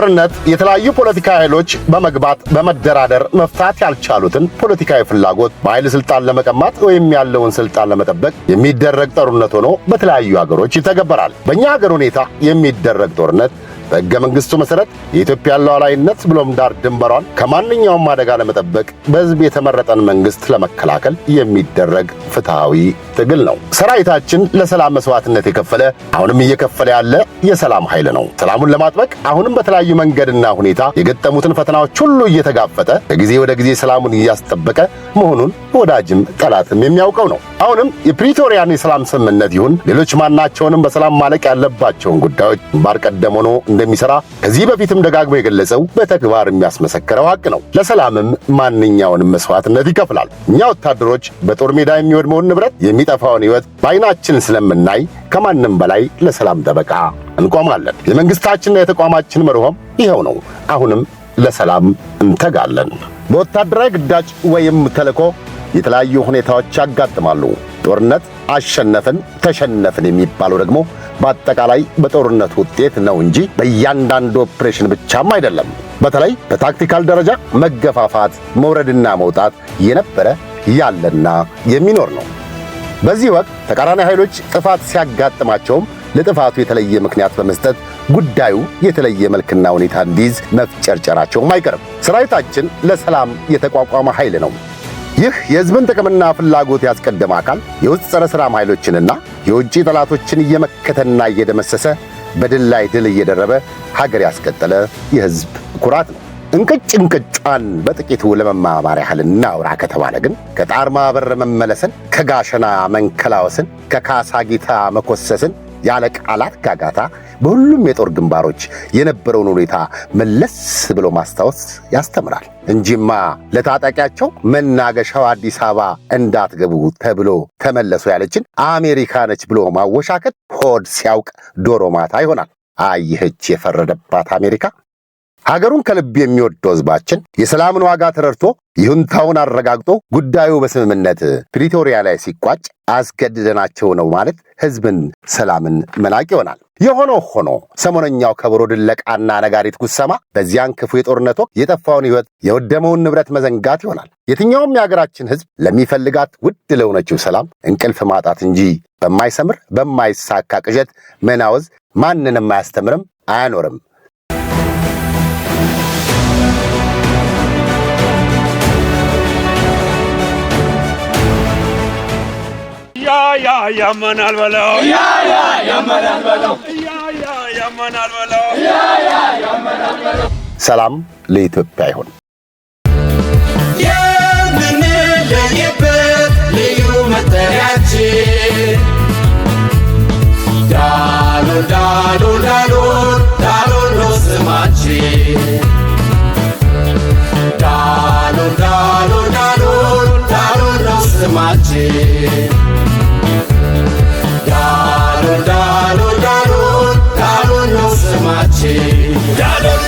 ጦርነት የተለያዩ ፖለቲካ ኃይሎች በመግባት በመደራደር መፍታት ያልቻሉትን ፖለቲካዊ ፍላጎት በኃይል ስልጣን ለመቀማት ወይም ያለውን ስልጣን ለመጠበቅ የሚደረግ ጦርነት ሆኖ በተለያዩ ሀገሮች ይተገበራል። በእኛ ሀገር ሁኔታ የሚደረግ ጦርነት በሕገ መንግሥቱ መሠረት የኢትዮጵያን ሉዓላዊነት ብሎም ዳር ድንበሯን ከማንኛውም አደጋ ለመጠበቅ በሕዝብ የተመረጠን መንግሥት ለመከላከል የሚደረግ ፍትሐዊ ትግል ነው። ሰራዊታችን ለሰላም መሥዋዕትነት የከፈለ አሁንም እየከፈለ ያለ የሰላም ኃይል ነው። ሰላሙን ለማጥበቅ አሁንም በተለያዩ መንገድና ሁኔታ የገጠሙትን ፈተናዎች ሁሉ እየተጋፈጠ ከጊዜ ወደ ጊዜ ሰላሙን እያስጠበቀ መሆኑን ወዳጅም ጠላትም የሚያውቀው ነው። አሁንም የፕሪቶሪያን የሰላም ስምምነት ይሁን ሌሎች ማናቸውንም በሰላም ማለቅ ያለባቸውን ጉዳዮች ግንባር ቀደም ሆኖ እንደሚሰራ ከዚህ በፊትም ደጋግሞ የገለጸው በተግባር የሚያስመሰክረው ሀቅ ነው። ለሰላምም ማንኛውንም መስዋዕትነት ይከፍላል። እኛ ወታደሮች በጦር ሜዳ የሚወድመውን ንብረት፣ የሚጠፋውን ህይወት በአይናችን ስለምናይ ከማንም በላይ ለሰላም ጠበቃ እንቆማለን። የመንግስታችንና የተቋማችን መርሆም ይኸው ነው። አሁንም ለሰላም እንተጋለን። በወታደራዊ ግዳጅ ወይም ተልዕኮ የተለያዩ ሁኔታዎች ያጋጥማሉ። ጦርነት አሸነፍን ተሸነፍን የሚባለው ደግሞ በአጠቃላይ በጦርነት ውጤት ነው እንጂ በእያንዳንዱ ኦፕሬሽን ብቻም አይደለም። በተለይ በታክቲካል ደረጃ መገፋፋት፣ መውረድና መውጣት የነበረ ያለና የሚኖር ነው። በዚህ ወቅት ተቃራኒ ኃይሎች ጥፋት ሲያጋጥማቸውም ለጥፋቱ የተለየ ምክንያት በመስጠት ጉዳዩ የተለየ መልክና ሁኔታ እንዲይዝ መፍጨርጨራቸውም አይቀርም። ሰራዊታችን ለሰላም የተቋቋመ ኃይል ነው። ይህ የሕዝብን ጥቅምና ፍላጎት ያስቀደመ አካል የውስጥ ጸረ ሰላም ኃይሎችንና የውጭ ጠላቶችን እየመከተና እየደመሰሰ በድል ላይ ድል እየደረበ ሀገር ያስቀጠለ የሕዝብ ኩራት ነው። እንቅጭ እንቅጯን በጥቂቱ ለመማማር ያህል እናውራ ከተባለ ግን ከጣርማ በር መመለስን፣ ከጋሸና መንከላወስን፣ ከካሳጊታ መኮሰስን ያለ ቃላት ጋጋታ በሁሉም የጦር ግንባሮች የነበረውን ሁኔታ መለስ ብሎ ማስታወስ ያስተምራል። እንጂማ ለታጣቂያቸው መናገሻው አዲስ አበባ እንዳትገቡ ተብሎ ተመለሱ ያለችን አሜሪካ ነች ብሎ ማወሻከት ሆድ ሲያውቅ ዶሮ ማታ ይሆናል። አይህች የፈረደባት አሜሪካ ሀገሩን ከልብ የሚወደው ህዝባችን የሰላምን ዋጋ ተረድቶ ይሁንታውን አረጋግጦ ጉዳዩ በስምምነት ፕሪቶሪያ ላይ ሲቋጭ አስገድደናቸው ነው ማለት ህዝብን ሰላምን መናቅ ይሆናል። የሆነ ሆኖ ሰሞነኛው ከበሮ ድለቃና ነጋሪት ጉሰማ በዚያን ክፉ የጦርነት ወቅት የጠፋውን ህይወት የወደመውን ንብረት መዘንጋት ይሆናል። የትኛውም የሀገራችን ህዝብ ለሚፈልጋት ውድ ለሆነችው ሰላም እንቅልፍ ማጣት እንጂ በማይሰምር በማይሳካ ቅዠት መናወዝ ማንንም አያስተምርም፣ አያኖርም። ያ ያመናል በለው ያ ያ ያመናል በለው ሰላም ለኢትዮጵያ ይሁን። የምንለይበት ልዩ መጠሪያችን ዳሉ ዳሉ ዳሉ noche. Ya